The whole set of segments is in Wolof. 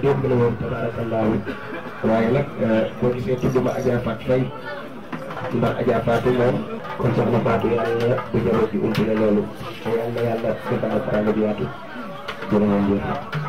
dia la woon tabaarakallaahu waaye nag boo gisee tudd ma Adja Fatou Faye ndax Adja Fatou moom kon soxna Fatou yàlla bu njaboot gi umpale loolu te yal na yàlla defal teraanga bi yaatu jërë ngeen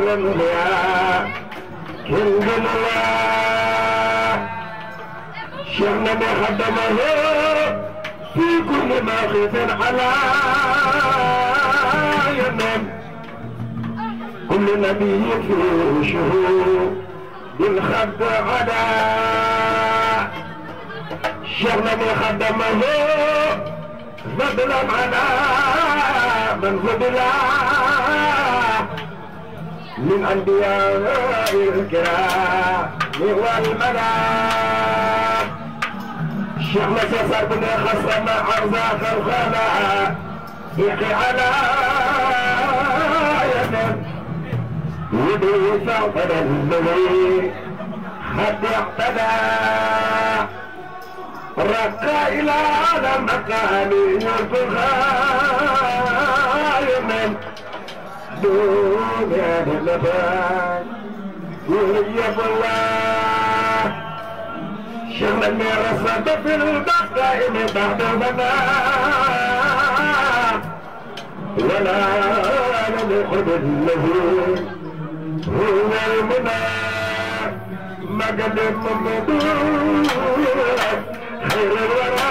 கிளம்பியா கிளம்பலா شمنا خدمه في كل ماخذ على يمن كل نبي في شهور بالخد على شمنا خدمه ظلم على من ظلم من أنبياء الكرام والمنام شيخ مسافر بن خصم عرضا خلقنا يقي على يمن يدي فوقنا المغرب حتى اعتدى رقى إلى مكان يرفضها الدنيا باللبان ولي بالله شغل رصد في البقاء من بعد البناء ولا نلحد الذي هو المنى مقدم مدور خير الورى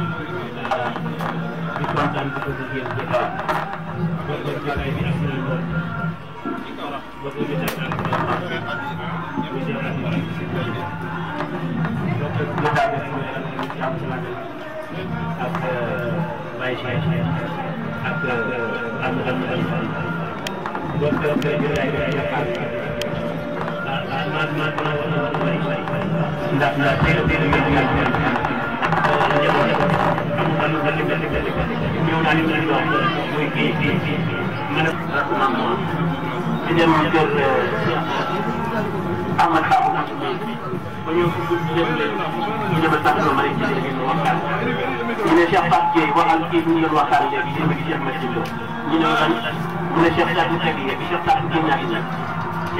هي الجزاء والجزاء بأسر ñëw naa li mu leen di wax muy kii kii kii ma ne maam moom di dem jël Ahmad Ba bu Moussa ba ñëw si di dem ñu dem sax lu bari ci léegi ñu waxtaan ñu ne Cheikh Fass Dieye waxal kii bu ñu doon waxtaan léegi démb gi Cheikh Massimo ñu ne lan mu ne Cheikh Sadou Sebi yeeg Cheikh Sadou Génnaay la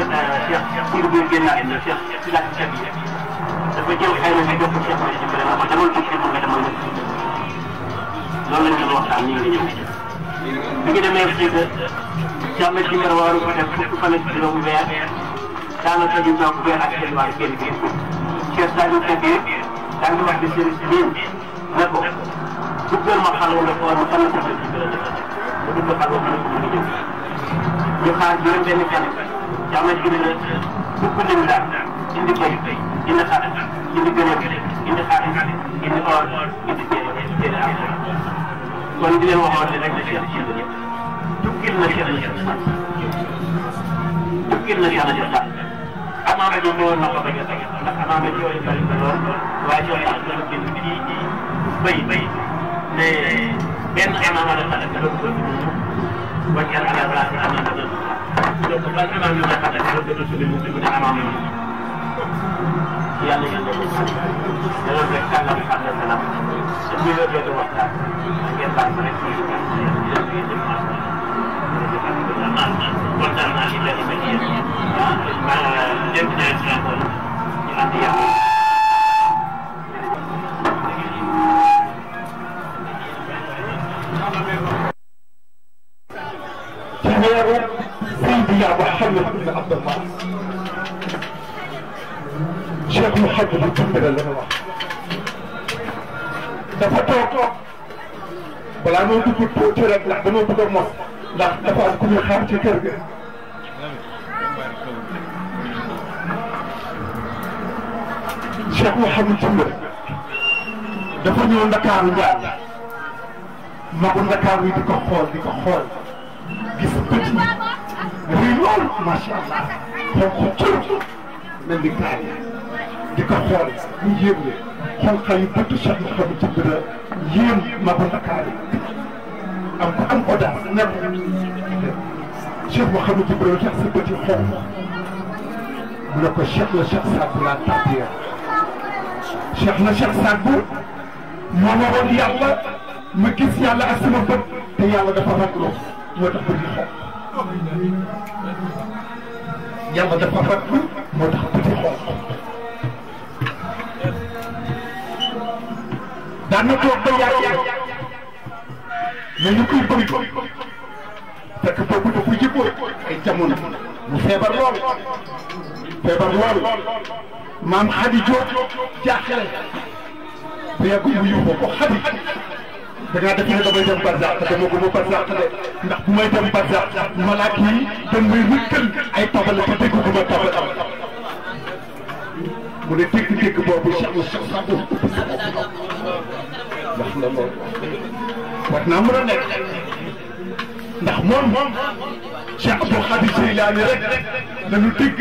Cheikh Cheikh Koulou Gueye Génnaay la Cheikh Sadou Sebi yeeg dafa jël xayma bi jox ko Cheikh Massimo vraiment demal tuuti rek nga demal loolu lañ doon waxtaan ñu ngi ñëw bi ñu demee fii ba jàmm ci ngelaw waru ko def fukki fan ak juróom weer daanaka ñu toog weer ak seen wàllu génn génn Cheikh Sadio Kébé daa ngi wax di sëriñ si ñun ne ko bëggal ma xal wala ko wala fan la ko jël ci gën a def ba bëgg xal wala ko mën a ñëw ñu xaar juróom benn fan jàmm ci ne la bëgg nañ daal indi béy indi xar indi gënëm indi xaalis indi or indi jëriñ jëriñ am kon di leen waxoon ne rek di Cheikh Sidy Diop duggil na Cheikh Nassir Sall duggil na Cheikh Nassir Sall amaana ñoom ñoo na ko bañ a tege ndax amaana yooyu bëri na lool waaye ñoo tax ñu gën di bay bay ne benn amaana la sax dara ko ba ci àll ba am na dara donc ban amaana la sax dara ko dara suñu mu dugg ne amaana Yalla yalla ko sa yalla rek kan la xam na dana ci ñu la jottu waxtaan ngeen baax rek ñu ñu ñu ñu ñu ma xaj bi ci ndigal la ma wax dafa toog toog balaa moo dugg tuuti rek ndax dama bëgg a mos ndax dafa am ku ñu xaar ci kër ga Cheikh Mouhamed Diouf dafa ñëw Ndakaaru Njaay magu Ndakaaru yi di ko xool di ko xool gis pët yi rëy lool macha allah xonq cër mel ni kaay di ko xool ñu yéem leen xool xale yu bëtt Cheikh Mouhamed ci gën a yéem Mabou Ndakaar yi am ko am audace nekk Cheikh Mouhamed ci gën a tax sa bët yi xonq mu ne ko Cheikh la Cheikh Saad laa tàbbee Cheikh la Cheikh Saad moo ma woon yàlla ma gis yàlla ak sama bët te yàlla dafa ragloo moo tax bët yi xonq yàlla dafa raglu moo tax bët yi xonq daan na toog ba yàgg mais ñu koy bëgg fekk boobu dafa jëkkoon ay jamono mu feebar lool feebar lool maam Xadi Jóob jaaxle bu yàgg mu yuuxoo ko Xadi da ngaa def ne damay dem barzaq te dama guma barzaq de ndax bu may dem barzaq malaak yi dañ may rëkkal ay tabale te dégg guma tabale mu ne dégg-dégg boobu sax sax wax nga loolu war naa mën a nekk ndax moom moom Cheikh Abdou Khadir Jeylaani rek dañu dégg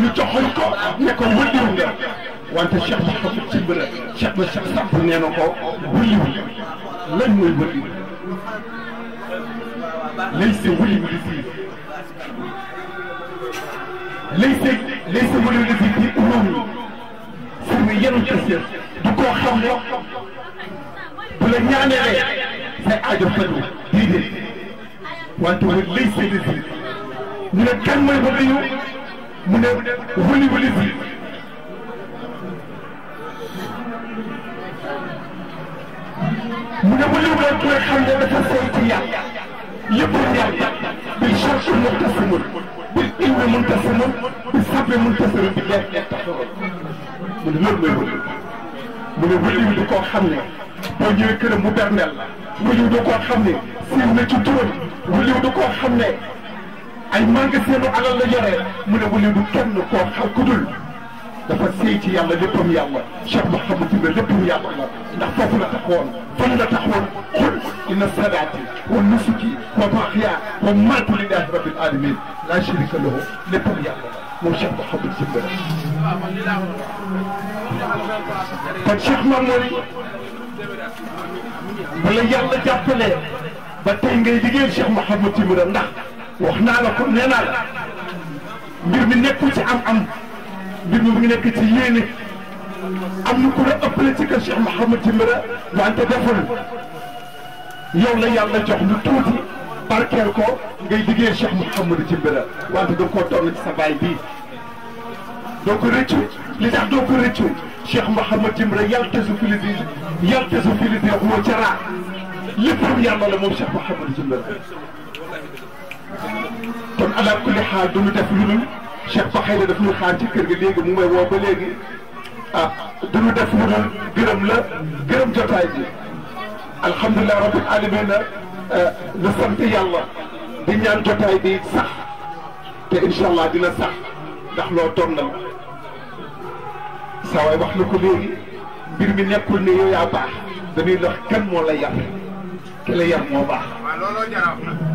ñu joxoñ ko ne ko wëlliw nga wante Cheikh Mouhamed Simbala Cheikh ba Cheikh Samb nee na ko wëlliw lan mooy wëlliw laysa wëlliw li fii laysa laysa wëlliw li fii ci umam yi du koo xam la ñaanalee sa aajo faju déedéet wante wër lay seeni si ñu ne kan mooy fa diyu mu ne wëli wëli si mu ne wëli wëli ku ne xam ne dafa seey ci yàq lépp yàq bil charge muctasimul bil ilmi muntasimul bil sabri muntasimul bi def def taxawal mu ne loolu mooy wëli mu ne wëli du koo xam ne boo ñëwee këram mu berndeel la waliw da koo xam ne siiw na ci turam waliw da koo xam ne ay magasin alal la yore mu ne waliw du kenn koo xam ku dul dafa seey ci yàlla léppam yàlla Cheikh Mouhamed Ibra léppam yàlla la ndax foofu la taxawoon fan la taxawoon xul inna salaati wa nusuki wa mahya wa maati lillahi rabbil alamin la sharika lahu léppam yàlla la moom Cheikh Mouhamed Ibra kon bu la yàlla jàppalee ba tey ngay liggéeyal Cheikh Mouhamed Timbira ndax wax naa la ko nee naa la mbir mi nekkul ci am-am mbir mi mu ngi nekk ci yéene am na ku la ëppale ci kër Cheikh Mouhamed Timbira wante deful yow la yàlla jox lu tuuti barkeel ko ngay liggéeyal Cheikh Mouhamed Timbira wante doo koo toll ci sa baay bii doo ko rëccu li tax doo ko Cheikh Mouhamad Jimbira yaltasu fi lidi yaltasu fi lidi moo jaraa léppam yàlla la moom Cheikh Mouhamad Jimbira kon ala kulli xaal du ñu def lu dul Cheikh ñu xaar ci kër ga léegi mu may woo ah, def lu la gërëm jotaay ji alhamdulilah rabbil alamina eh, na sant yàlla di ñaan jotaay bi sax te incha allah dina sax ndax loo toog na saa waay wax na ko léegi mbir mi nekkul ne yow yaa baax dañuy dox kan moo la yar ki la yar moo baax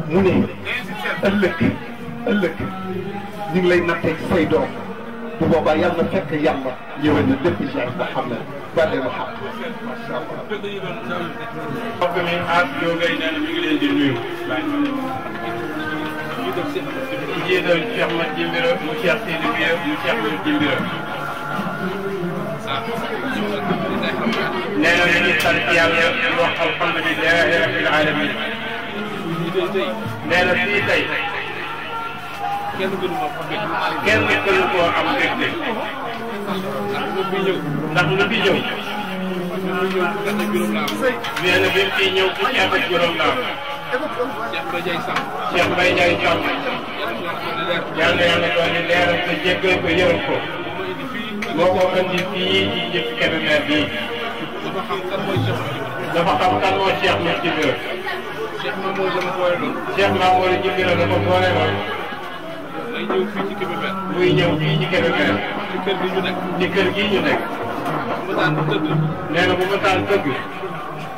mu ne ëllëg ëllëg ñu ngi lay nattee ci say doom bu boobaa yàlla na fekk yàlla ñëwee na lépp jeex ba xam ne bàlle ma xam macha allah mbokk mi aas yoo gay nee na mi ngi leen di nuyu ñu jiital Cheikh ma jimbira mu Cheikh Sidi Biir mu Cheikh Jimbira nee na ñu ngi sant yàlla di wax alhamdulilahi rabbil alamin nee na fii tey kenn gënu koo am la am Cheikh Mbaye Ndiaye Samb moo ko indi fii ci jëf Kébémer bi dafa xam kan mooy Cheikh dafa xam kan mooy Cheikh Mame Djimbira Cheikh Mame Mor la ma boole loon Cheikh Mame Mor Djimbira dafa boole loon muy ñëw fii ci Kébémer muy ñëw fii ci Kébémer ci kër gi ñu nekk ci kër gi ñu nekk bu ma daan tëgg nee na bu ma daan tëgg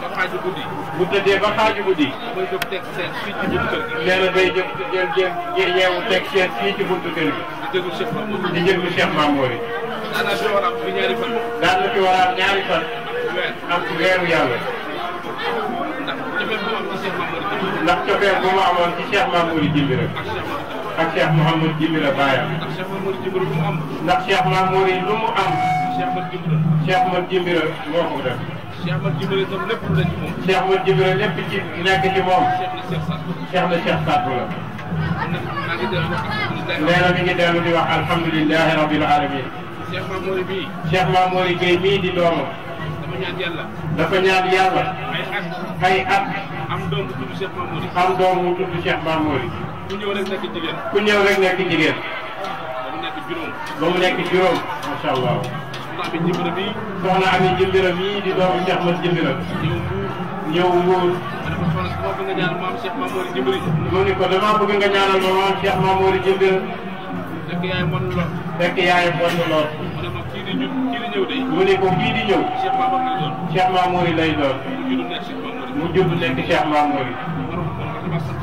ba xaaju guddi bu tëddee ba xaaju guddi mooy jóg teg seen fii ci buntu kër gi nee na day jóg jël jël yeewu teg seen fii ci buntu kër gi di déglu Cheikh Mame Mor di déglu Cheikh Mame Mor daanaka fi war a am fi ñaari fan. daanaka fi war a am ñaari fan. am ci weeru yàlla. ndax cofeel bu ma amoon ci Cheikh Mamour Jimbi rek. ak Cheikh Mouhamadou Jimbi la bàyyam. ndax Cheikh Mamour yi lu mu am. Cheikh Mamour Jimbi la moo ko def. Cheikh Mamour Jimbi la itam lépp la ci moom. Cheikh Mamour Jimbi la lépp ci nekk ci moom. Cheikh na Cheikh Sadou la. nee na mi ngi dellu di wax alhamdulilahi rabil alamin Cheikh Mamory bi Cheikh Gueye mi di doomam dafa ñaan Yalla dafa ñaan Yalla ay at ay at am doom bu Cheikh Mamory am doom bu Cheikh ku ñew rek nek jigéen ku ñew rek nek jigéen nek mu di doomu Cheikh Mat jimbira ñëw wóor dama bëgg ñaanal maam Cheikh mu ni ko dama bëgg nga ñaanal maam Cheikh fekk yaayam war na lool. mu ko kii di ñëw kii di ñëw de. mu ne ko kii di ñëw. Cheikh Mamour lay doon. Cheikh mu judd nekk Cheikh Mamour. Cheikh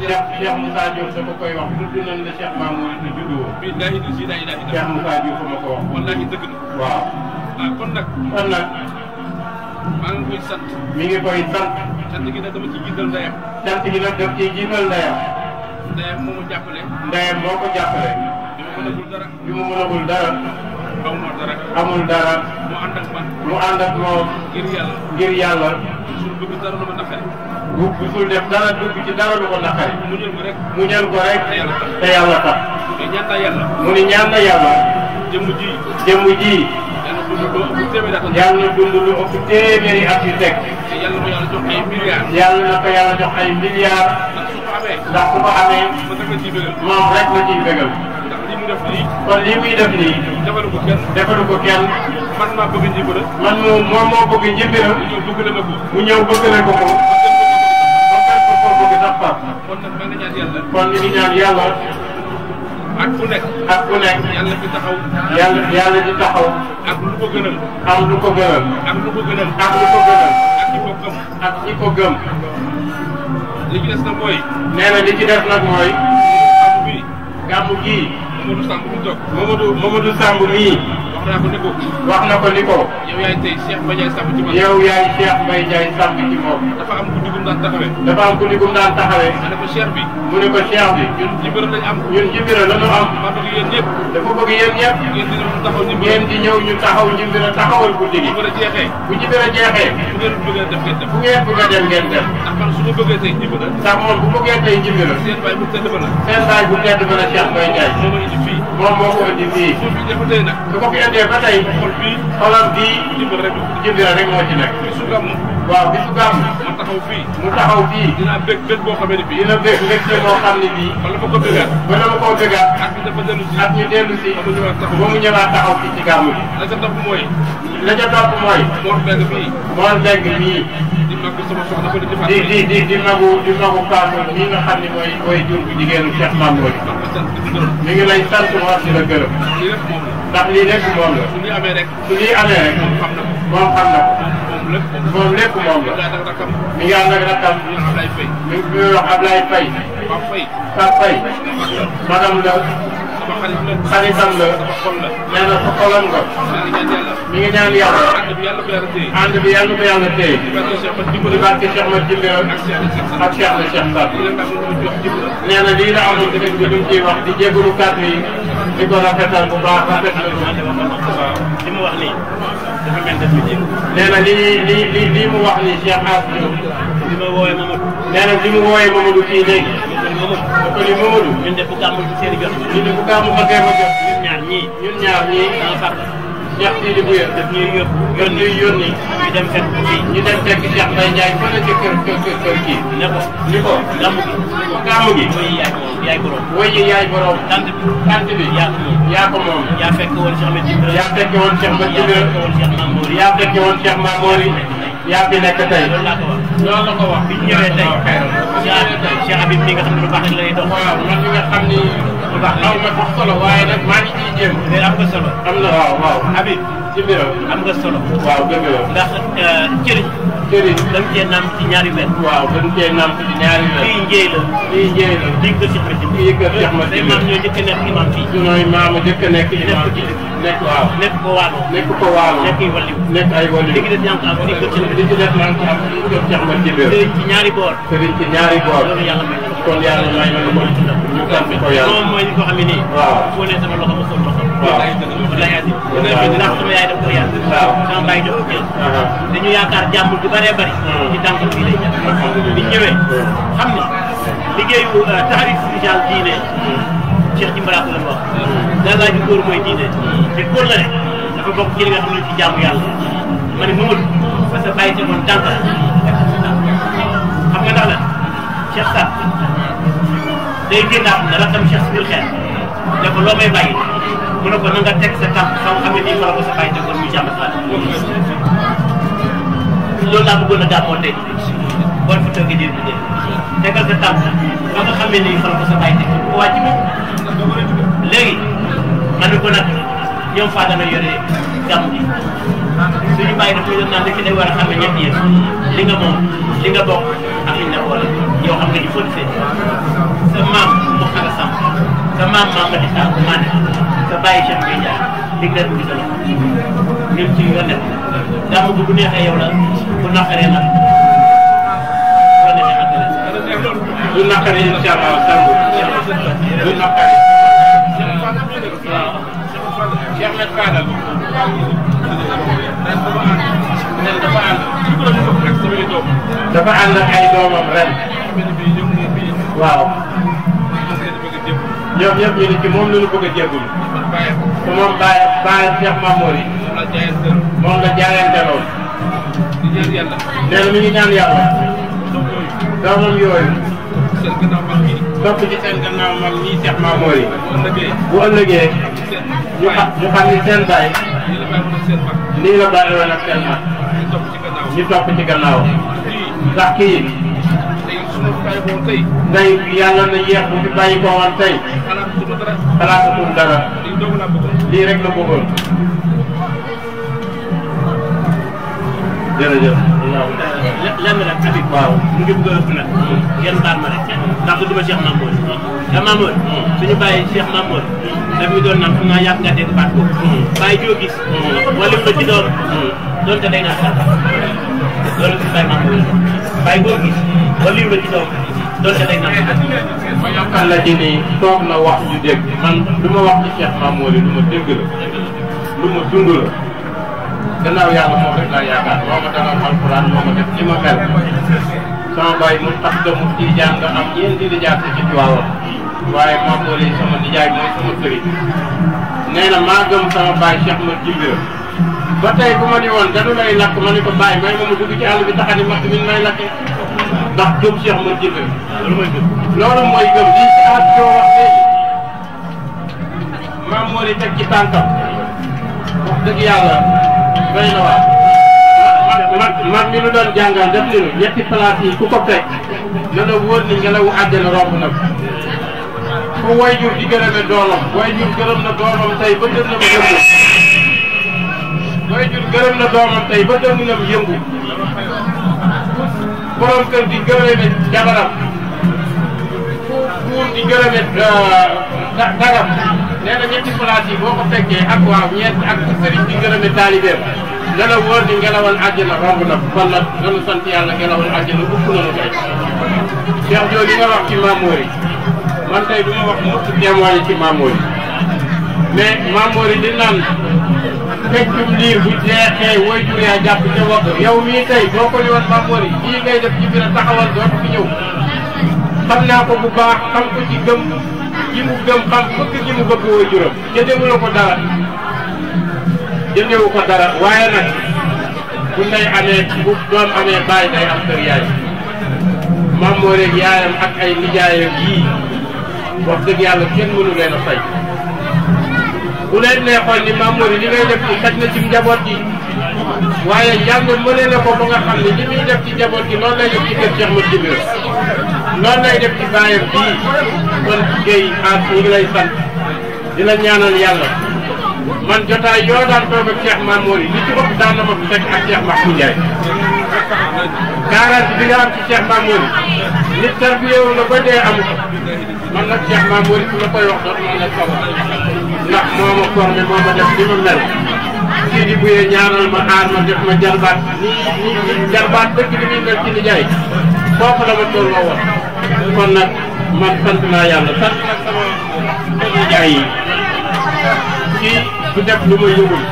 Cheikh Moussa Diop dafa koy wax tudd nañ la Cheikh Mamour te judd woo. bii daa indi si daa indi daa indi. Cheikh Moussa Diop ma ko wax. na. waaw. ah kon nag. kon nag. maa ngi koy sant. gi nag dama ciy jiital ndeyam. sant gi nag moo ko jàppale. yu mu mënagul dara amul dara mu ànd ak moom ngir yàlla bu gisul def dara dugg ci dara lu ko naqari mu ñël ko rek te yàlla tax mu ni ñaan na yàlla jëmm ji yàlla na dund lu ëpp téeméeri at yu teg yàlla na ko yàlla jox ay milliards ndax su ko amee moom rek la ciy bégal def nii. kon lii muy def nii. ko kenn defalu ko kenn. man maa bëgg njëkk man moom moo bëgg njëkk mu ñëw bëgg la mu ñëw bëgg la ko ak ku nekk. ak ku nekk. taxaw. yàlla yàlla ci taxaw. ak lu ko gënal. ak lu ko gënal. ak lu ko gënal. ak lu ko gënal. ak ñi ko gëm. ak ñi ko gëm. li ci mooy. nee gii. Mamadou Samb mu jóg. Mamadou Mamadou Samb mii. naa ko ni ko. wax na ko ni ko. yow yaay tey Cheikh Mbaye Ndiaye Samb ci man. yow yaay Cheikh Mbaye Ndiaye Samb ci moom. dafa am guddi gum daan taxawee. dafa am guddi gum daan taxawee. ma ne ko Cheikh bi. mu ne ko Cheikh bi. ñun jibira lañ am. ñun jibira la ñu am. ma bëgg yéen ñëpp. dafa bëgg yéen ñëpp. ngeen di ñëw ñu taxaw jibira. ngeen di ñëw ñu taxaw jibira taxawal guddi gi. bu jibira jeexee. bu jibira jeexee. bu ngeen bëgg a def ngeen def. bu ngeen bëgg a def ngeen def. ndax man su ma bëggee tey jibira. ndax moom bu bëggee tey jibira. seen baay bu tedd ba la. seen baay bu tedd ba la Cheikh Mbaye Ndiaye. moom moo ko indi fii su ko fi indee ba tey xolam bii jëndira rek moo ci nekk waaw bisu gàmm mu taxaw fii mu taxaw fii dina bég bég boo xam ne bii dina bég bég bég boo xam ne bii wala ma ko bégaat wala ma koo bégaat ak ñu dafa dellu si ak ñu dellu si ba mu ñëwaat taxaw fii ci gàmm bi di mag sama soxna di di di di magu di magu kaamu mii nga xam ne mooy jur bu jigéenu Cheikh Mamour ñu ngi lay sant wax di la gërëm. ndax lii lépp moom la. su ñuy amee rek. su ñuy amee rek. moom xam na ko. moom xam na ko. moom lépp moom la. mi ngi ànd ak rakam. mi ngi ànd ak rakam. mi ngi wax Ablaye Faye. xaritam la nee na sa xolam nga mi ngi ñaan yàlla ànd bi yàlla ko yàlla téye di barke Cheikh Mat Jimbe ak Cheikh la Cheikh Sarr nee na lii la amoon tamit bi duñ ciy wax di jégalu kàddu yi di ko rafetal bu baax rafet la li mu wax nii dafa mel def lu nee na li li li mu wax nii Cheikh As Diop li ma wooyee Mamadou nee na li mu wooyee Mamadou fii léegi ko ni Mamadou. ñun de bu gàmmu ci seen i jot. ñun de bu gàmmu ma koy ma jot. ñun ñaar ñii. ñun ñaar ñii. sama papa. Cheikh Sidi Bouye. daf ñuy yóbbu yónni ñuy yónni. ñu dem fekk kii. ñu dem fekk Cheikh Mbaye Ndiaye fan la ci kër kër kër kii. ne ko ni ko. gàmmu gi. gàmmu gi. woy yi yaay borom yaay borom. woy yi yaay borom. tant bi tant bi. yaa ko moom yaa ko moom. yaa fekke woon Cheikh Mbaye Djibril. yaa fekke woon Cheikh Mbaye Djibril. yaa fekke woon Cheikh Mamori. yaa fekke woon Cheikh Mamori. ya fi nekk tey loolu laa ko wax. la ko bi ñu ñëwee tey. waaw kay Cheikh Habib mi nga ndax aw ma sax solo waaye nag maa ngi ciy jéem. mais am nga solo. am na waaw waaw. Habib. ci biir am nga solo. waaw dëgg la. ndax euh, cëriñ. cëriñ dañ cee naam ci ñaari weer. waaw dañ cee naam ci ñaari weer. fii njëy la. fii njëy la. di kër Cheikh Matia. fii kër Cheikh Matia tey maam ñoo jëkk nekk imam fii. sunooy maam a jëkk nekk imam fii. nekk waaw nekk ko waalo. nekk ko waalo. nekk ay wàllu. nekk ay wàllu léegi daf ñàkk am fii kër Cheikh Matia. li ci def ñàkk am fii kër Cheikh Matia. sëriñ ci ñaari boor. sëriñ ci ñaari boor. loolu yàlla may kon yàlla may ma ko ñu sant ko yàlla moom mooy li ko xam ne nii. waaw foo ne sama loxo ma fóot loxo. waaw lay ati. ndax sama yaay daf ko yàlla. waaw sama baay daf ko jël. dañu yaakaar jàmm ju bëree bëri. Hmm. ci tànk bi lay jàpp. bi ñëwee hmm. xam ne liggéeyu euh, taarix spécial diine. Cheikh Jimbala ko la wax. daal hmm. ju góor mooy diine. te góor la rek dafa bokk ci li nga xam ne ci jàmm yàlla. ma ne Mamadou parce que bàyyi sa moom tànk la. xam nga ndax la Cheikh Sarr. day génnaat ne rakam Cheikh si biir xeet ne loo may bàyyi mu ne ko na nga teg sa tànk xam-xam yi fa la ko sa a te kon muy jàmm sa a gàmmoon tey boo fi toogee dégg dégg tegal sa tànk ba nga xamee ni fa na ko a bàyyi léegi ma ne ko a xam ne ñett yëpp li nga moom li nga bokk ak li ñu la boole xam nga il faut que sa maam moo ko la sàmm di sa bàyyi chef bi jaar digle du gisal ñun ci yoon nekk daa ma bu neexee yow la bu naqaree la bu naqaree incha allah tàngu bu naqaree waaw Cheikh Ahmed Fadal ñoom ñëpp ñu ne ci moom la ñu bëgg a jéggul. te moom Baye Baye Cheikh Mamour yi. moom la jaayante lool. nee na mi ngi ñaan yàlla. doomam yooyu. topp ci seen gannaaw mag ñii Cheikh Mamour yi. bu ëllëgee. ñu xam ñu xam ni seen baay. lii la bàyyi woon ak seen mag. ñu topp ci gannaaw. ndax kii. bàyyi ko tey ndey yàlla na yeex bu fi bàyyi ko woon tey xalaatatul dara lii rek la bëggoon jërëjëf lenn rek Habib waaw mu ngi bëgg a ëpp nag ma rek ndax du Cheikh Mamour te Mamour suñu bàyyi Cheikh Mamour daf ñu doon naan xam naa nga dégg baat ko bàyyi joo gis wala ci doon day sax Mamour gis ba lii la ci doom doonte day naan. allah ji nii na wax ñu dégg man lu ma wax ci Cheikh Mamory lu ma dégg la. lu ma dund la. gannaaw yàlla moom rek laa yaakaar moo ma dalal alxuraan moo ma def li ma mel. sama bàyyi mu tax mu ci jàng am ñeenti di jàng ci Tiwaawan. waaye Mamory sama nijaay mooy sama sëriñ. nee na maa gëm sama bàyyi Cheikh ma jimbi la. ba tey bu ma di woon danu lay lakk ma ne ko bàyyi may ma ma dugg ci àll bi taxani ma min may lakkee. ndax gëm Cheikh ma jëfe loolu mooy gëm loolu mooy gëm lii si aat yoo wax léegi maam moo di teg ci tànkam wax dëgg yàlla béy na waa mag mag mi nu doon jàngal def ni ñetti place yi ku ko teg na la wóor ni ngelawu àjjana romb nag fu wayjur di gërëme doomam wayjur gërëm na doomam tey ba dën na mu yëngu wayjur gërëm na doomam tey ba dën na mu yëngu borom kër di gërëme jabaram buur di gërëme euh, dagam nee na ñetti place yi boo ko fekkee ak waaw ñeent ak sëriñ di gërëme taalibeem dana wóor di ngelawal àjjana na kon nag dañu sant yàlla ngelawal àjjana upp nañu tey Cheikh Diop li nga wax ci Mamori man tey du wax mukk témoigné ci Mamori mais Mamori li naan feccum liir bu jeexee woy jur yaa jàpp ca wagg yow mii tey boo ko ñëwoon Mamour yi lii def ci biir taxawal dootu fi ñëw xam naa ko bu baax xam ko ci gëm ji mu gëm xam bëgg ji mu bëgg woy juram jëndewu la ko dara jëndewu ko dara waaye nag bu ndey amee bu doom amee bàyyi day am kër yaay Mamour yaayam ak ay nijaayam yii wax dëgg yàlla kenn mënu leen a fay bu leen neexoon ni Mame Mory li ngay def ci xaj na ci njaboot gi waaye yàlla mëne na ko ba nga xam ne li muy def ci njaboot gi noonu lay def ci kër Cheikh Modou Djibril noonu lay ngi lay sant di la ñaanal yàlla man jotaay yoo daan toog ak Cheikh Mame Mory li ci ëpp daan na ma fi fekk ak Cheikh Mahmoud Ndiaye garanti bi nga am ci Cheikh Mame Mory nit tarbiyé la ba dee amu ko man nag Cheikh Mame Mory su la koy wax dootu man la sawar ndax mooma korne mooma def li ma mel sidi buyee ñaanal ma aar ma def ma jarbaat ni ni jarbaat dëkk li muy mel la ma kon man sant sant sama nijaay yi kii def lu ma yëgul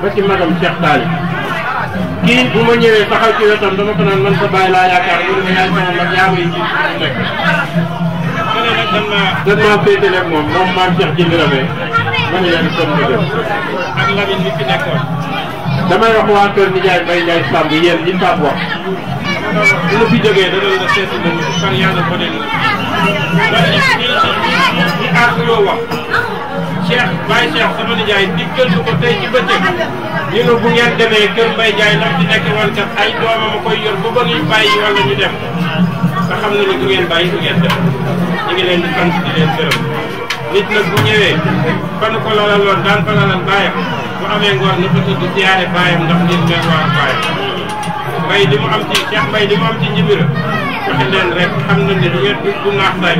ba ci magam Cheikh Talib kii bu ma ñëwee taxaw ci wetam dama ko naan man sa bàyyi laa sama mag yaa may ci Cheikh ma ne leen kon ñu dem. ak Lamine bi fi nekkoon. damay wax waa kër Ndiaye Mbaye Ndiaye Samb yéen ñi Samb wax. bu la fi jógee da doon la seetlu ne fan yàlla ko ne ñu bu ngeen demee kër Mbaye Ndiaye ndax fi nekk woon kat ay doomam a koy yor ba ba ñuy bàyyi wala ñu dem nga xam ne ni bu ngeen bàyyi du ngeen dem ñu ngi leen di sant di leen gërëm. nit nag bu ñëwee fa nu ko lalaloon daan fa lalal baayam amee ngoon nu fa tudd ziyaare baayam ndax nit mel waa mu am ci Cheikh Mbay li mu am ci njibira waxe leen rek xam na ne yéen du du naax say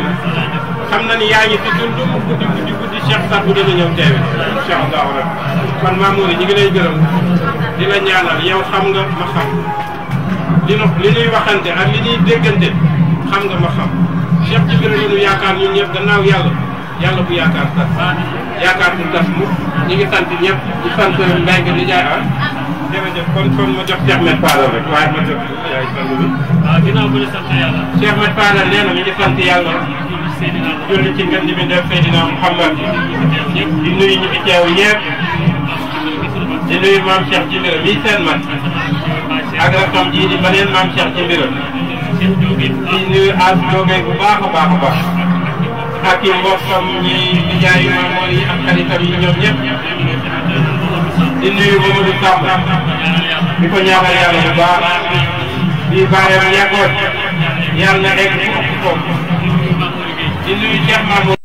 xam na ni yaa ngi fi dund mu guddi guddi guddi Cheikh sax bu dina ñëw teewe incha allahu rek kon Mamour ñi ngi lay gërëm di la ñaanal yow xam nga ma xam li nu li ñuy waxante ak li ñuy déggante xam nga ma xam Cheikh Jibril la ñu yaakaar ñun yàlla bu yaakaar tas yaakaar bu mu ñu ngi sant ñëpp di sant Mbengue di jaay ah jërëjëf kon kon ma jox Cheikh Met Fadal rek jox yaay sant bi. waaw ginnaaw bu ñu sant yàlla. Cheikh Met Fadal nee na ngi sant yàlla. julli ci ngën bi def Seydina Mouhamad di nuyu ñu fi teew ñëpp di nuyu maam Cheikh ci mbiram mii seen maam Cheikh ci mbiram di nuyu as jógee bu baax a baax a baax. ak i mbokkam yi di jaay maamoon yi ak xaritam yi ñoom ñëpp di nuyu Mamadou Samb di ko ñaanal yàlla bu baax di bàyyam yàggoon yàlla na egg foofu ko di nuyu Cheikh Mamadou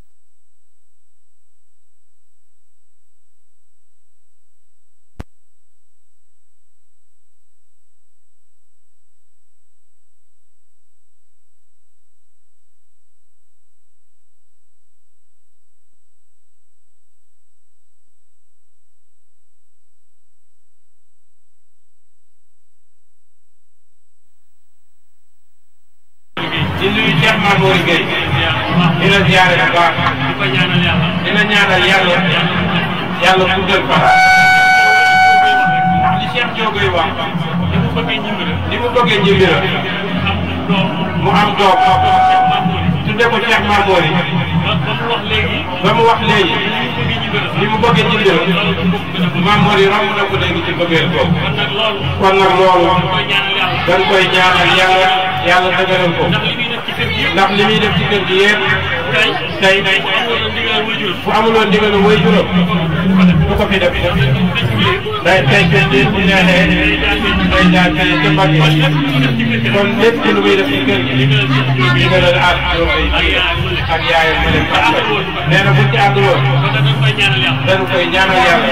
ak yàlla yàlla dëgëral ko ndax li muy def ci kër gi yëpp tey bu amuloon ndigalu way juróom du ko fi def day tey jii di di neexee day jaar tey ci mbagg kon lépp ci lu muy def ci kër gi ndigalal aar ak yaayam ma leen nee na bu ci ànd woon dañu koy ñaanal yàlla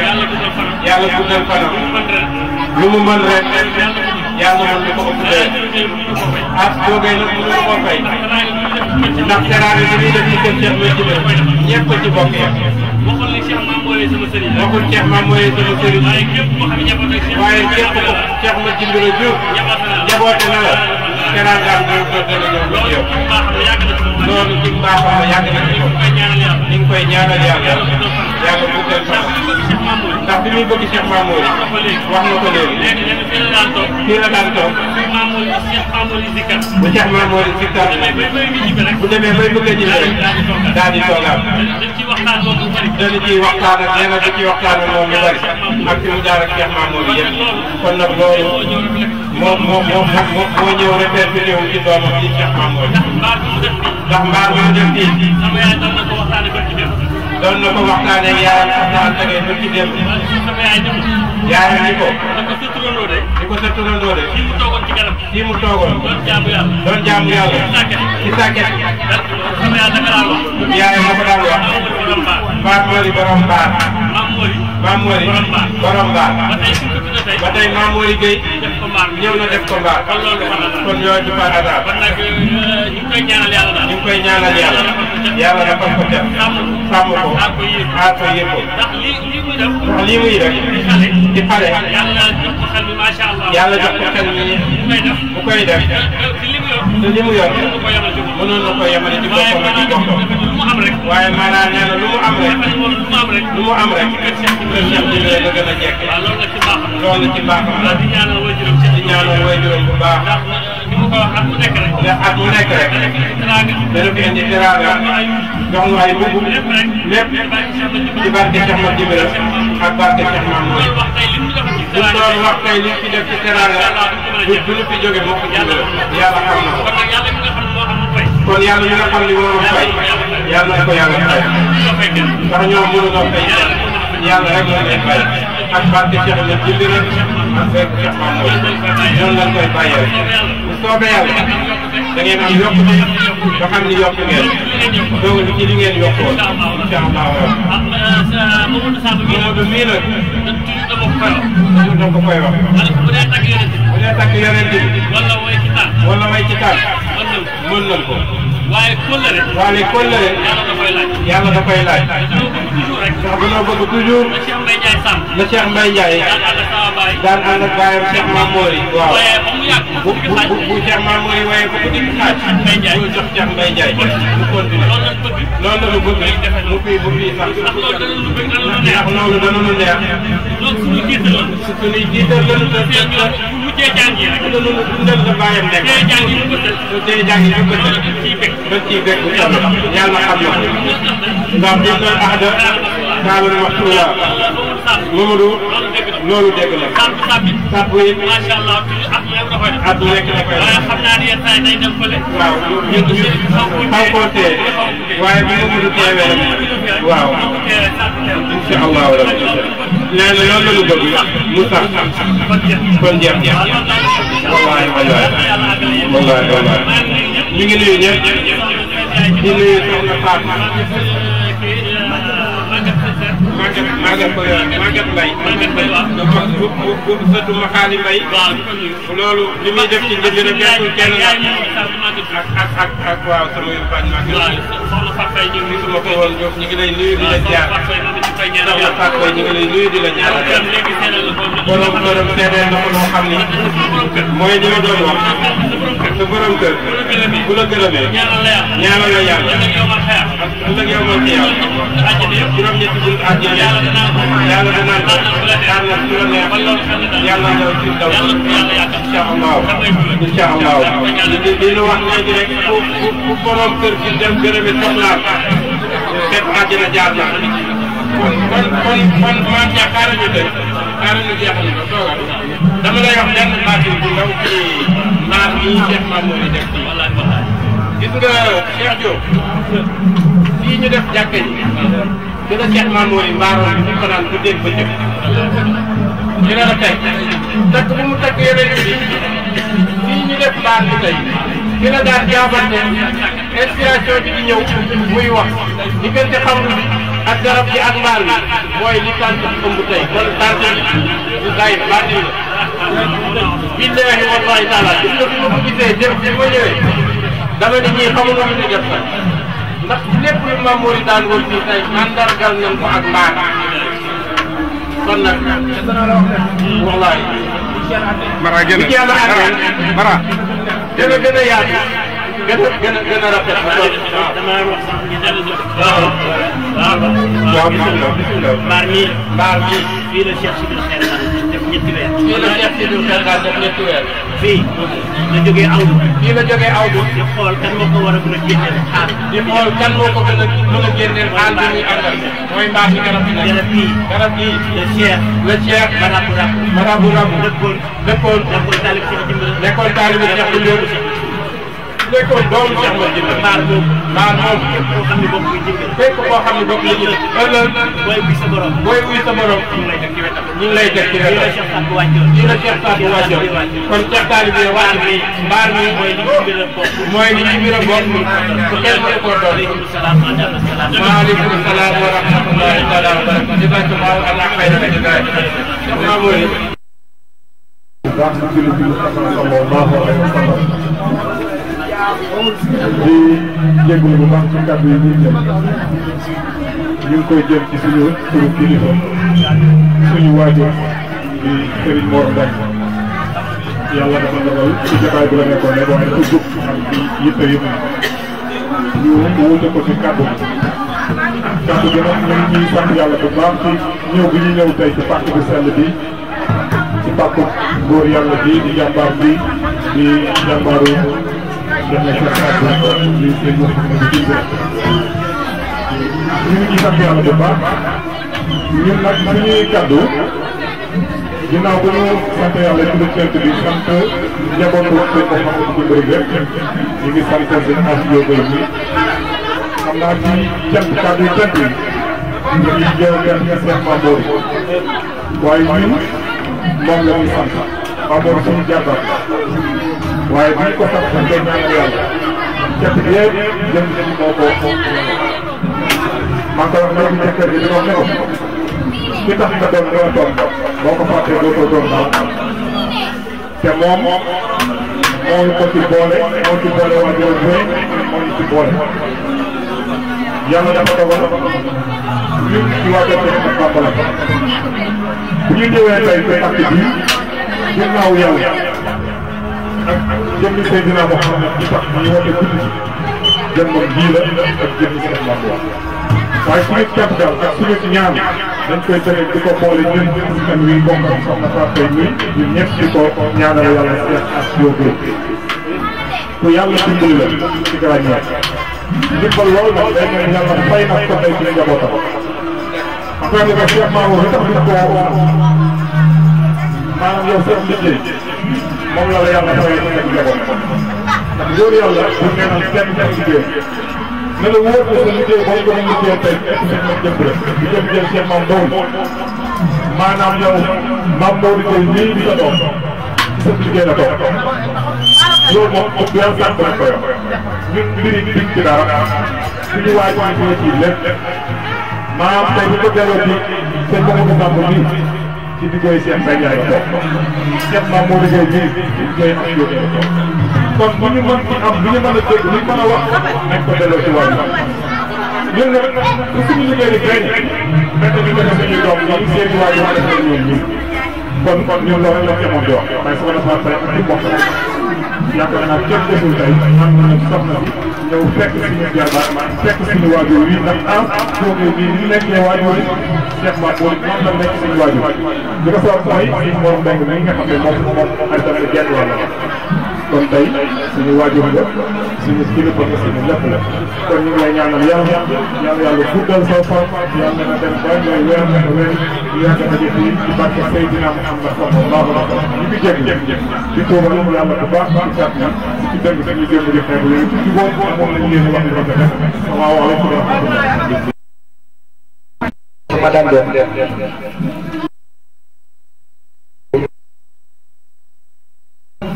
yàlla guddal fanam lu mu mën ren yaa ngi mën di ko ëpp dee as googay nag mënu ma koo fay ndax teraanga li muy def ci kër Cheikh Mbaye Djibe ñëpp ci bokk yam waxul Cheikh Mame Mboye sama sëriñ waxul Cheikh Mame Mboye sama sëriñ waaye képp ko Cheikh Mbaye Djibe la jur jaboote na la te naa ngaa doon doon doon ñëw ba ci yow. loolu ci mbaaxam la yàgg na ci yow. ñu ngi koy ñaanal yàlla. yàlla bu ko ndax bi muy bëgg Cheikh Mamour wax na ko léegi. fii la daan toog. bu Cheikh Mamour Zikar. bu demee bay bëgg a ñibbi rek. daal di toogaat. dana ciy waxtaan ak nee na da ciy waxtaan ak moom lu bari. ak fi mu jaar ak Cheikh Mamour yëpp kon nag loolu. moo moo moo moo ñëw répertorié wu ci doomam ci Cheikh Mamour. ndax mbaar bi mu def fii. ndax mbaar bi mu def fii. sama yaay doon na ko waxtaanee ba ci dem. doon na ko waxtaanee ak yaayam sax daal da ngay ba ci dem. waaye suuf sama yaay dem. yaayam ni ko. da ko sa turandoo de. di ko sa turandoo de. fii mu toogoon ci garab. fii mu toogoon. doon jaamu yàlla. doon jaamu yàlla. ci sàkket. ci sàkket. sama yaay da nga daan wax. yaayam moo ko daan wax. mbaar mori borom mbaar. maam mori. maam mori borom mbaar. borom mbaar. ba tey maam Mori Gueye ñëw na def ko mbaar kon yooyu du par hasard euh, ñu ngi koy ñaanal yàlla ñu ngi koy ñaanal yàlla yàlla dafa ko def sàmm ko aar ko yëg ko ndax lii muy def di xale yàlla jox ko xel mi bu koy def te li mu yor mënoon na ko yemale ci boppam ak ci boppam waaye maanaam nee na lu mu am rek lu mu am rek kër Cheikh Jibril la gën a jekk loolu ci baaxam la di ñaanal waajuram bu baax ndax at mu nekk rek dana fi indi teraanga jox nu ay mbubb lépp ci barke Cheikh Mat Jibril ak barke Cheikh Mamour bu ñu doon wax tey li ñu fi def ci teranga bu bu ñu fi jógee moo ko jëlee yàlla xam na ko kon yàlla ñu nga xam li waroon fay yàlla na ko yàlla fay ndax ñoom mënuñoo fay yàlla rek la leen fay ak barke Cheikh la julli rek ak fekk Cheikh Mamour ñoom lañ koy bàyyee bu soobee yàlla da ngeen am yokkute ba xam ni yokk ngeen donc ci li ngeen yokkoon incha allah. Mamadou mii nag. loolu da nga koy wax. bu dee takk yeneen bi. bu dee takk yeneen bi. wala way ci taal. wala way ci taal. mën nañ ko. waaye kóllëre. waaye kóllëre. yàlla da koy laaj. yàlla da koy laaj. ndax dañoo bëgg toujours. la Cheikh Mbaye Ndiaye Samb. la Cheikh Mbaye Ndiaye. daan ànd ak sama baay. daan ànd ak baayam Cheikh Mamour yi. waaw bu bu bu Cheikh Mamour yi waaye ba ku dikk xaaj. ñu jox Cheikh Mbaye Ndiaye. mu continué loolu la bëgg. loolu la bëgg mu fii mu fii sax. ndax loolu dana lu neex. loolu suñuy jiital la. suñuy jiital la. tey jàng yi rek. dundal dundal sa bàyyam nekk. tey jàng yi ba bët. tey jàng yi ba bët. bët ciy bëgg. bët ciy bëgg bu yàlla xam na ko. ndax bi doon ahda kaalul maxtuura. Mamadou loolu dégg na. sàpp yi. macha allah at mu nekk da koy def. waaye xam naa ne yenn saa yi day dem fële. waaw ñu ñu xawkootee. waaye bu Mamadou teewee. waaw. incha allah. nee na loolu la ñu bëgg mu sax kon jeex jeex wallaay wallaay wallaay wallaay mi ngi nuyu ñëpp di nuyu soxna Fatou Maguette Mbaye Maguette Mbaye. Maguette Mbaye waaw. bu bu bu bu sëtu Maxaali Mbaye. waaw loolu li muy def ci njëriñ rek nekkul kenn ak ak ak ak waaw sama yu bañ maa ngi. waaw soxna Fatou Faye ñu ngi suma ko woon ñu ngi lay nuyu di la jaar. soxna Fatou Faye ñu ngi lay nuyu di la jaar. borom borom seedeel na ko loo xam ni mooy li ma doon wax. ak sa borom kër bu la gërëmee ñaanal la yàlla ak ëllëg yow man xiyam juróom-ñetti bunt àjjana yàlla danaan ko tànnal su la neex yàlla nga ci daw incha allahu incha allahu li li ñu wax léegi rek ku ku borom kër gi dem gërëmi soxlaam xeet àjjana jaar na kon kon kon man jaakaar nañu de jaakaar nañu jeexal na toogal dama lay wax lenn baatil bu ndaw ci naar yi Cheikh Mamour def fii gis nga Cheikh Diop fii ñu def jàkka yi ci la Cheikh Mamour yi mbaaroon bi ko naan guddee ba jëm ci la la teg takk bu mu takk yeneen yi fii ñu def mbaar bi tey ci la daal jaabante inspiration bi di ñëw muy wax diggante xam bi ak garab gi ak mbaar bi mooy li tànk ëmb tey kon tànk bi du bàyyi bàttil billahi wallahi taala gis nga bi ma ko gisee jëm bi ma ñëwee dama ni ñii xamuñu lu ñu def sax ndax lépp lu Mame Mor daan wër fii tey mandargal nañ ko ak mbaax kon nag wallahi mara gën a mara gën a gën a yaatu gën a gën a gën a rafet waaw waaw waaw mbaar mi mbaar mi fii la Cheikh Sidi Xeer ñetti weer. fii la ñetti du xel daal def ñetti weer. fii la jógee awdu. fii la jógee awdu. di xool kan moo ko war a mën a génneel xaal. di xool kan moo ko gën a mën a génneel xaal bi muy àndal. mooy mbaax mi garab bi nag. garab bii garab bii. le cheikh. le cheikh. marabu rabu. marabu rabu. dëppoon dëppoon. nekkoon taalibu Cheikh Ndimbal. nekkoon taalibu Cheikh Ndimbal. doomu Cheikh Mbaye Djibé maar moom maar moom képp koo xam ne bokk nga Djibé képp koo xam ne bokk nga Djibé ëllëg booy wuy sa borom booy wuy sa borom ñu ngi lay teg ci wetam ñu ngi lay teg ci wetam lii la Cheikh Saad bu wàccoon kon Cheikh Saad bi wàcc bi mbaar mi mooy li ci biir a bokk bu kenn mënu koo doon maaleykum salaam wa rahmatullahi taala wa barakatu di bàcc maaw allah xayra bi di jégalu bu baax ci kàddu yi ñuy jëm ñu ngi koy jëm ci suñu turu kilifa suñu waajur di Serigne Mor Mbaye yàlla dafa dogal ci jotaay bu la nekkoon rek waaye dafa jóg xam ko ci kàddu kàddu gi nag ñun ñuy sant yàlla bu baax ci ñëw bi ñu ñëw tey ci pàcc bu sell bi ci pàcc góor yàlla bi di jàmbaar bi di jàmbaaru ñu ngi ci sant yàlla bu baax ñun nag suñuy kaddu ginnaaw bu ñu sant yàlla ci lu cent bi sant njabootu waxtu ko xam ci bëri lépp ñu ngi sant seen as yoo bëri mi xam naa ci cent kaddu cent yi ñu ngi jeew leen ci seen Mamour waaye ñun moom la ñu sant Mamour suñu jàppal waaye bu ñu ko sax sax day ñaan yàlla cat bi yëpp jëm jëm moo ko maa ngi koy wax léegi ca kër gi di wax ne ko ki tax nga doon doon doon boo ko fàttee doo ko doon doon te moom moo ko ci boole moo ci boole waa Jolof bi moo ñu ci boole yàlla dafa dogal ñun ci waa Jokalante ak Bambala bu ñu ñëwee tey tey acte bi ginnaaw yàlla. ak jëmmi Seydina Mouhamed di tax ñuy woote guddi gi jëmmam bii la ak jëmmi Cheikh Mamour waaye suñu capital ak suñu ñaan dañ koy tënk di ko boole ñun kan wi bokk ak soxna Fatou Seye ñu ko ñaanal yàlla def ak yóbbu ku yàlla dimbali la ci garañ ñoom yàlla fay na ko ci njabootam xam nga ne Cheikh ko maanaam yow seen moom la la yàlla tawee ak njaboot ndax góor yàlla bu neenal kenn ak liggéeyam ne la sa liggéey boo ko doon liggéeyal tey ak seen man jëmb la di maam dowul maam Maodo tey lii di doom sa liggéey la toog loolu moom ëpp yan sànq lañ koy wax ñun mbir yi duñ ci dara suñu waay waay ñu ngi ciy lépp maanaam tey bu ko delloo ci liggéey seen sa yaay toog seen maam moo liggéey nii liggéey ak yow kon ñu mën am lu ñu mën a dégg lu ñu a wax nañ ko delloo ci wàllu ñun nag bu suñu liggéey di feeñ fekk ñu ko def suñuy doom yi seen waay yi wax def ñoom ñii kon kon ñun loolu la ñu amoon di wax waaye ci mbokk yaakaar naa kenn desul tey am na soxna bi ñëw fekk suñu jarbaat fekk suñu waajur yi ndax ah soo ko nii ñu nekk ne waajur yi Cheikh Mate mooy moom la nekk suñu waajur li ko soxla mooy moom mbéy mi nga xam ne moom moom ay tamit genn wàll kon tey suñu waajur nga suñu kilifa nga suñu lépp la kon ñu lay ñaanal yàlla yàlla yàlla guddal sa fan yàlla na dem ba ngay weer nga weer yàgg na jëf yi ci barke Seydina Muhammad sallallahu alayhi wa sallam ñu ngi jégg di tuubal yàlla bu baax ci ci dëgg jëm ci lañu leen wax ni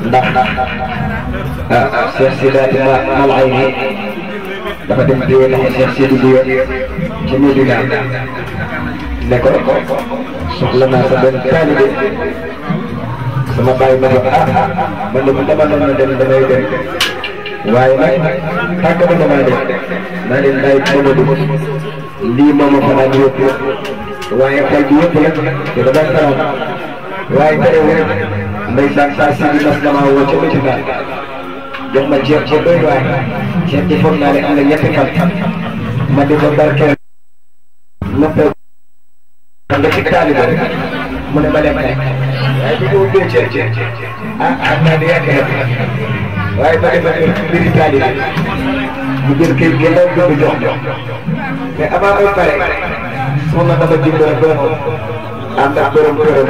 ndax ndax Syekh Sidatullah Al-Aini dapat dimatiin oleh Syekh Sidi dia kini dina leko sebelumnya sebentar ini semakai mereka mendem-teman-teman dan mereka Wahai tak kamu teman dari naik menuju lima makanan dua puluh waaye xel bi yëpp nag dafa doon taw waaye terewul ndeysaan saa si di mas damaa woo ca bëccëg jox ma ceeb ceeb doy waar ceeb bi foog naa ne am na ñetti fan ma di ko barkeel noppal xam nga ci taalibe rek mu ne ma dem rek waaye bu ñu ubbee ceeb ceeb ah xam naa ne yaakaar waaye ba dem rek mbiri taalibe mu jël kayit gi ndaw dugg jox jox mais avant ay pare sama ma dama dimbali borom am ndax borom borom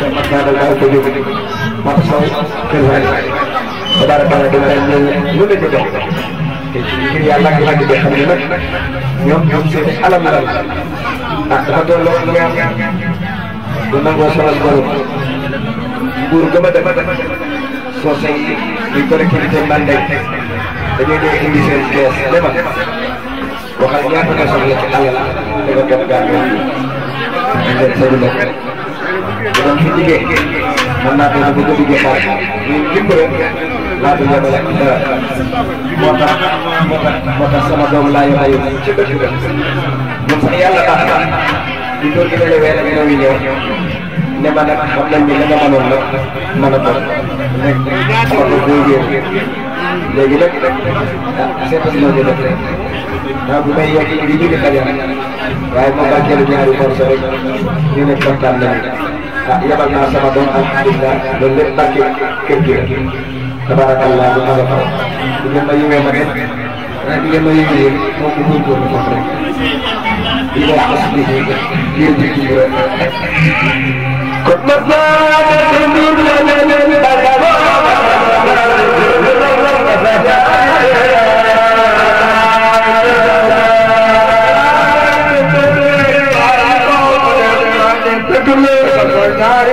te mat naa dal daal ko jóg mat saw kër waay tabaarakallaah dama leen ñëw lu la ci jox te ci ngir yàlla ak laaj bi xam ne nag ñoom ñoom seen alam la ah dafa tolloo ñaar du nangoo sonal borom nguur gëm a dem soo say di collectivité Mbandey dañoo ñëw indi seen kees demal waxal ñaata nga soxla ci alal da nga gën a gaaw doon fi jigéen mën naa doon bëgg a dugg xaar ñun lépp rek laa doon yabal ak dara moo tax moo tax moo tax sama doom laa yabal yow ci dëkk bi moom sax yàlla baax na ñu doon gën a lewee rek ñëw ñëw ne ma nag xam nañ ni la nga mënoon nag mën a doon rek sama doom boo yéen léegi nag ah seetal ñoo ñu def rek waaw bu may yegg li ñu di xajal waaye moom bànkeelu ñaari force rek ñu ne kontaan nañu ah yabal naa sama doom alhamdulilah loolu lépp barke kër gi la tabaarakallah bu ma nga faw bu ngeen ma yëwee ma def rek ngeen ma yëwee yëg moom mu góorgóorlu foofu rek di wax ko si biir biir bi kii rek kon ma baax बजारे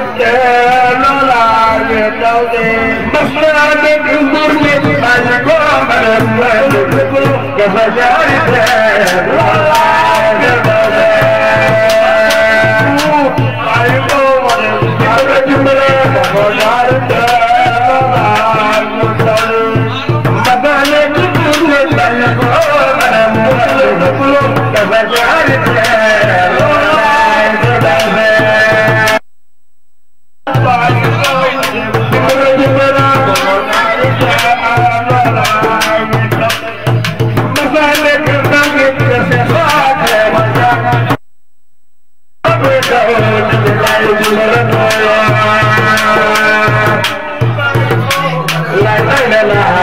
बजार la la la la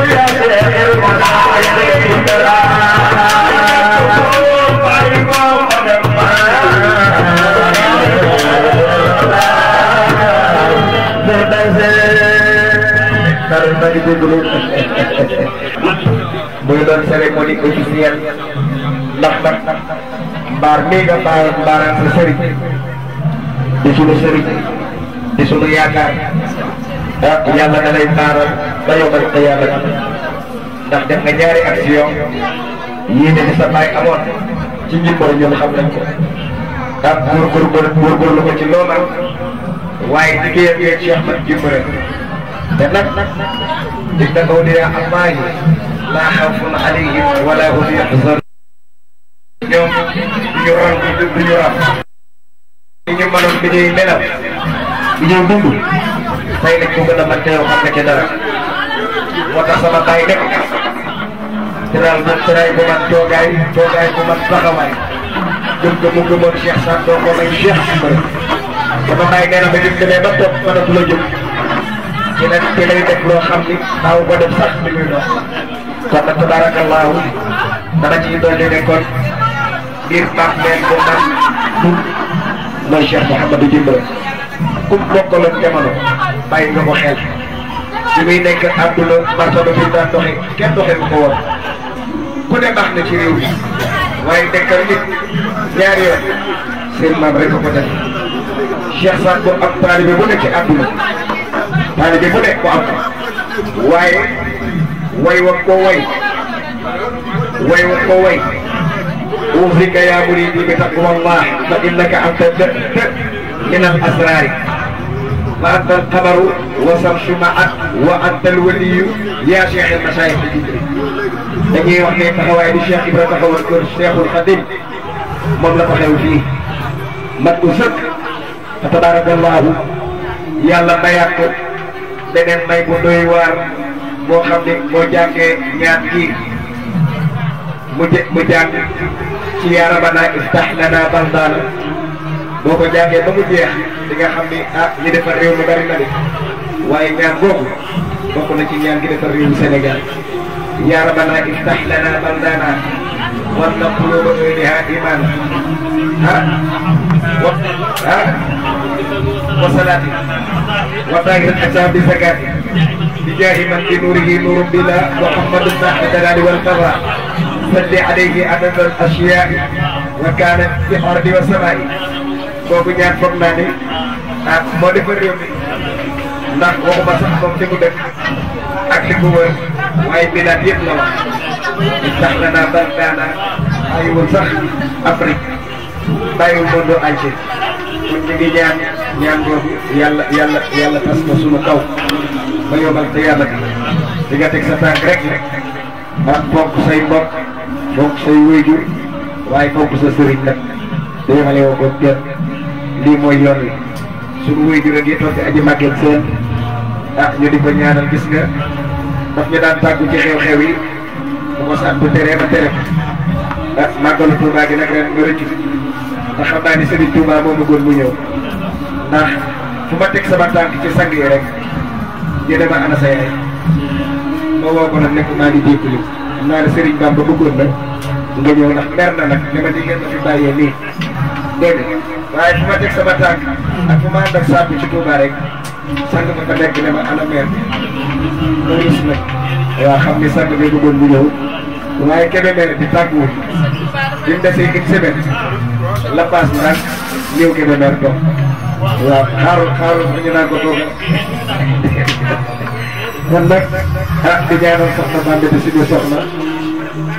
maa ngi dégg loolu muy doon cérémonie officielle ndax ndax mbaar mii nga mbaar mbaaraan sa sëriñ di sunu sëriñ di sunu yaakaar ah yàlla da lay mbaaral ba yombal xiyaama ndax def nga ñaari action yii ne ci sa baay amoon ci njëmbal ñun xam nañ ko ah góorgóorlu góorgóorlu ko ci loomal waaye liggéeyam yeeg Cheikh Mat Jimbira te nag. ضد kau dia لا خوف عليهم ولا هم يحزنون ñoom duñu raw duñu raw ñu mënoon bi ñuy melaw bi ñuy dund tey nag ko gën a mën teew xam sama bàyyi nekk tëral bu man toogaay toogaay bu man taxawaay gëm ko mu gëmoon Cheikh Sane doo sama ci la ci lay def loo xam ni naaw karena def sax li muy dox kon nag tabarakallahu dana ci dolli ne kon ngir baax leen ko naan pour mooy Cheikh Abdul Djimbira ku bokkaloon jamono bàyyi nga ko xel bi muy wajib àdduna martaba bi daan doxe kenn doxe ko woon ku ne baax na ci taalibe bu nekk ko am wai way wa wai way way wa ko way أوصيك يا مريدي بتقوى الله فإنك أنت من الأسرار فأنت asrari. وصمش معك wasam الولي wa شيخ المشايخ ya syekh wax ne taxawaay wakil takawai di syekh ibrah Cheikhul kur syekhul khadim. Mabla pakai uji. mat ko sëkk fa tabaarakallahu ya Allah bayakut, denen may bu doy war bo xam bo boo jàngee ñaan gi mu jë mu jang ci ya rabana istahlana bandal boko jàngee ba mu jeex di nga xam ah ñi defal rew mi bari na de waye ñaan bobu bokku na ci ñaan gi defar réewu Sénégal yaarabanaa istaxnanaa baldaana war na xulóoba ëynihaa imaan ah wa ah وطاهر حتى بزكاة بجاه من بنوره نور بلا ومحمد صاحب الجلال والكرم صل عليه عدد الاشياء وكان في الارض والسماء kooku ñaan foog naa ni ah moo defar réew mi ndax waxuma sax moom li mu def ak li mu wër waaye bilaat yëpp la wax tax na naa bal daana bàyyiwul sax Afrique bàyyiwul monde entier ñu ngi ñaan ñaan boobu yàlla yàlla yàlla tas ko sunu kaw ba yombal te yàlla bi di nga teg sa tànk rek ak bokk say mbokk bokk say wéyjur waaye bokk sa sëriñ nag te yemale woo ko kenn lii mooy yoon wi sunu wéyjur ak yi toog aji màgget seen ah ñu di ko ñaanal gis nga daf ñu daan tàggu ci xew-xew yi bu ko sàkku teree ba tere ah màggalu tuubaa gi nag ren nga rëccu ndax xam naa ni Serigne Touba moo bëggoon mu ñëw ndax fu ma teg sama tànk ci sang yi rek ñu dema ana sa yaay ma woo ko nag nekk maa ngi jégalu xam na mer na nag dama di ngeen ma fi bàyyee nii waaye fu ma teg sama tànk ak fu ma ànd ak ci Touba rek sang ma fa nekk dema ana mer bi loolu si nag waaw xam ni sang bi bëggoon mu ñëw waaye Kébémer bi tàgguwul bi mu desee une semaine lepas nak ñëw ki demee harus harus xaaru xaaru ñu naan ko toog kon di ñaanal soxna Bande di suñu soxna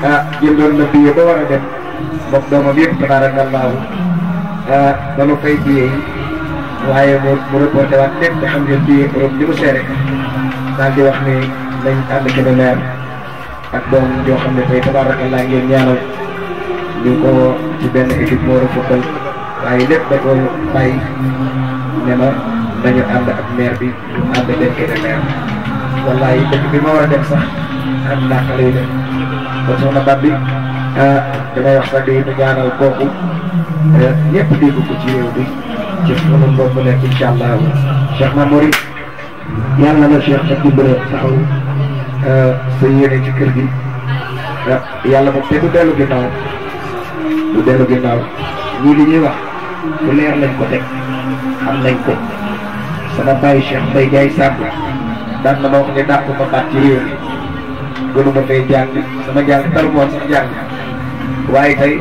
ah jëndoon na biye ba war a dem moom doomam yëpp tabaarakallaahu ah danu fay biye yi waaye mu reporté di wax ni ak yung ko sidan edit mo rin pilot na by naman anda merbi anda din kay merbi wala ito yung mga rin anda kalina kasi na babi kaya sa din na gana ko ko niya pwede just Mamuri yang nama Syekh Syekh tahu sehingga di ya Allah mesti itu dah lu du dellu ginnaaw ñii li ñuy wax lu leer lañ ko ko sama bàyyi cheikh na wax ci gënu ma sama jàng sama jàng waaye tey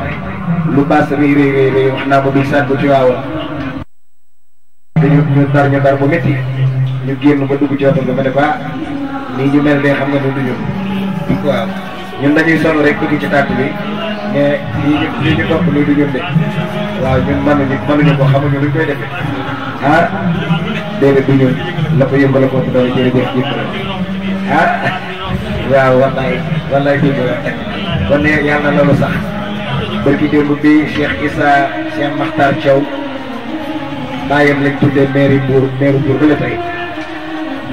lu baas rëy rëy rëy wax naa ma duy sànku ci waawa dañu ñu dar ñu dar bu métti ñu génn ba dugg ci oto bi ma ne ah, ñu mel ne xam nga du ñu waaw ñun dañuy rek ci bi mais lii ñu lii ñu topp lii du ñun de waaw ñun mënuñu mënuñu ko xamuñu luñ koy defee ah déedéet du ñun la ko yëmbale ko doon jërëjëf jëfëral ah waaw wallaay wallaay dëgg la kon ne yàlla loolu sax barki démb bi Cheikh Issa Cheikh Makhtar Thiaw bàyyam lañ tuddee maire Mbour maire Mbour ba la tey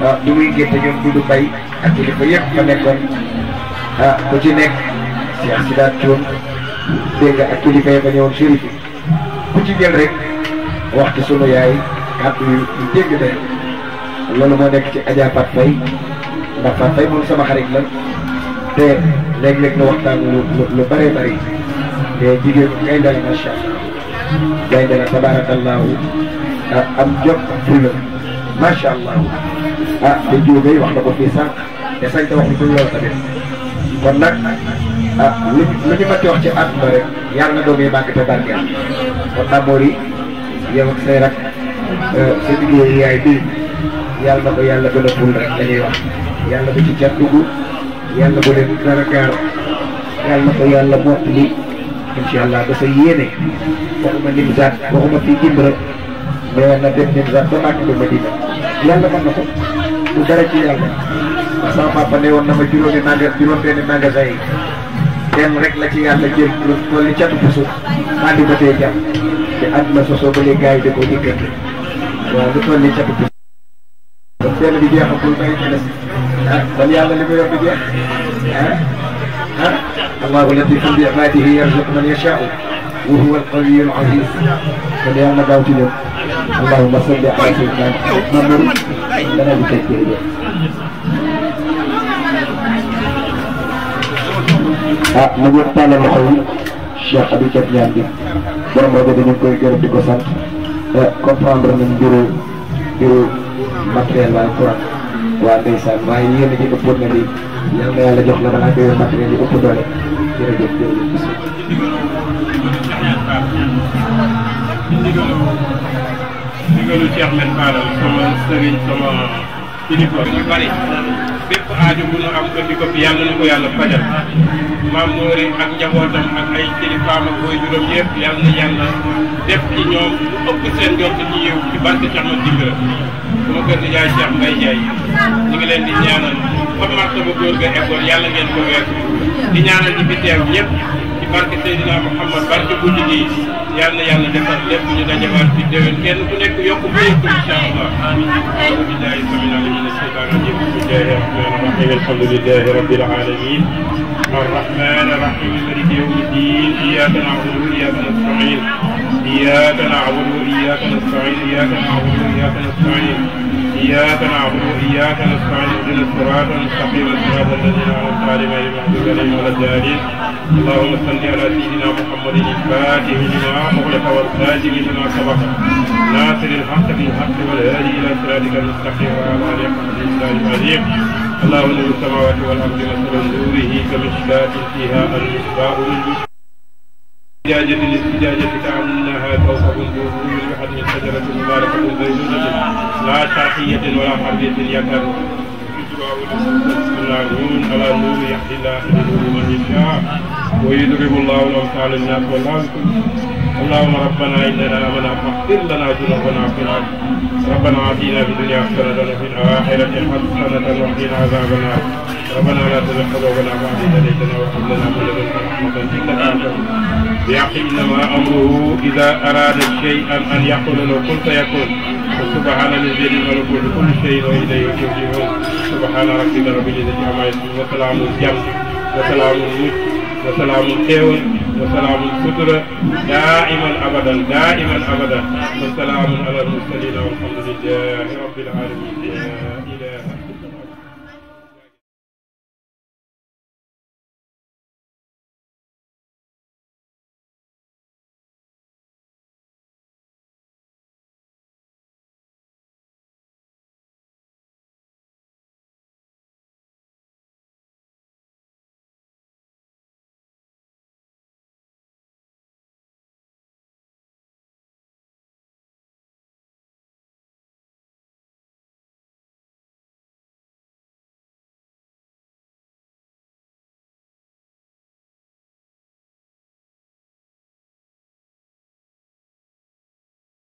waaw du muy génte ñoom Doudou Mbaye ak kilifa yëpp fa nekkoon ah ku ci nekk Cheikh Sidat Thioune dégg nga ak kilifa yi ba ñëwoon shérif yi ku ci jël rek wax ci sunu yaay kàddu yu dégg day loolu moo nekk ci Adja Fatou Faye ndax Fatou Faye moom sama xarit la te léeg-léeg nu waxtaan lu lu bëree bëri te jigéen ngay dal macha allah ngay dal tabaarakallaahu ah, am jot fulla macha allah ah te jóogay wax na ko fii sànq te sañ te wax lu ko lool tamit kon nag ah lu lu ñu mënti wax ci àdduna rek yàlla na doom yi màgg te barkeel yi yow ak say rak euh, sa liggéey yaay bi yàlla na ko yàlla gën a ful rek la ñuy wax ci cat dugg yàlla bu leen yàlla na ko yàlla mott li incha allah dafa yéene waxuma nim zaat waxuma fii jimb rek mais na dem nim zaat ba màgg ba Madina yàlla mën na ko bu dara ci yàlla sama papa ne na ma juróomi magasin yi ren rek la ci yàlla jël lu tolli catu puso xaati ba tey jàpp te àdduna sosoo ba léegi gars yi da koo diggante waaw lu tolli catu puso. kon benn bi jeexagul bay ci des ah kon yàlla li mu yor du jeex ah ah allahu latifun bi ibaadihi yarzuqu man yashaa'u wa huwa al-qawiyyu al-aziz kon yàlla na gaaw ci lépp allahumma salli ala sayyidina Muhammad dana di teg ah mu ngi tàllal loxo yi Cheikh Abdou Thiam Niang bi borom rajo dañu koy gërëm di ko sant eh, comprendre nañ mbiru mbiru matériel waaye courant waa ndeysaan waaye yéen a ji ëppoon na lii yal na yàlla jox la balaa koy matériel yi ëpp doole uniforme bari bépp aaju bu am ko di ko fi yàlla na ko yàlla fajal maam Noori ak njabootam ak ay kilifaam ak booy juróom yëpp yàlla na yàlla def ci ñoom lu ëpp seen jot ci yow ci barke Cheikh Ahmad Dibira sama kër di jaay Cheikh Mbaye Ndiaye ñu ngi leen di ñaanal comme man sama góor ga école yàlla ngeen ko weesu di ñaanal ñi fi teew ñëpp ci barke Seydina Mouhamad barke bu ñu nii yàlla na yàlla defal lépp ñu dajawaat fi déwén kenn ku nekk yokk bu yëpp incha allah amiin الحمد لله رب العالمين الرحمن الرحيم مالك يوم الدين اياك نعبد واياك نستعين إياك نعبد وإياك نستعين إياك نعبد وإياك نستعين إياك نعبد وإياك نستعين اهدنا الصراط المستقيم صراط الذين أنعمت عليهم غير المغضوب عليهم ولا الضالين اللهم صل على سيدنا محمد الفاتح لما أغلق والخاتم لما سبق ناصر الحق بالحق والهادي إلى صراطك المستقيم وعلى آله وصحبه وسلم العظيم اللهم نور السماوات والأرض مثل نوره كمشكاة فيها المصباح من زجاجة للزجاجة تعالى كوكب بوضوء من حجم شجرة مباركة زيتونة لا شرقية ولا غربية يكاد يسمعون على نور يهدي الله نور من يشاء ويضرب الله الأمثال للناس والله اللهم ربنا إننا آمنا فاغفر لنا ذنوبنا في الأرض ربنا آتنا في الدنيا حسنة وفي الآخرة حسنة وقنا عذاب النار ربنا ولا تزغ قلوبنا بعد إذ هديتنا وهب لنا من لدنك رحمة إنك أنت الوهاب إنما أمره إذا أراد شيئا أن يقول له كن فيكون وسبحان الذي له ملكوت كل شيء وإليه ترجعون سبحان ربك رب العزة عما يصفون وسلام الجم وسلام الملك وسلام الخيول وسلام السترة دائما أبدا دائما أبدا وسلام على المرسلين والحمد لله رب العالمين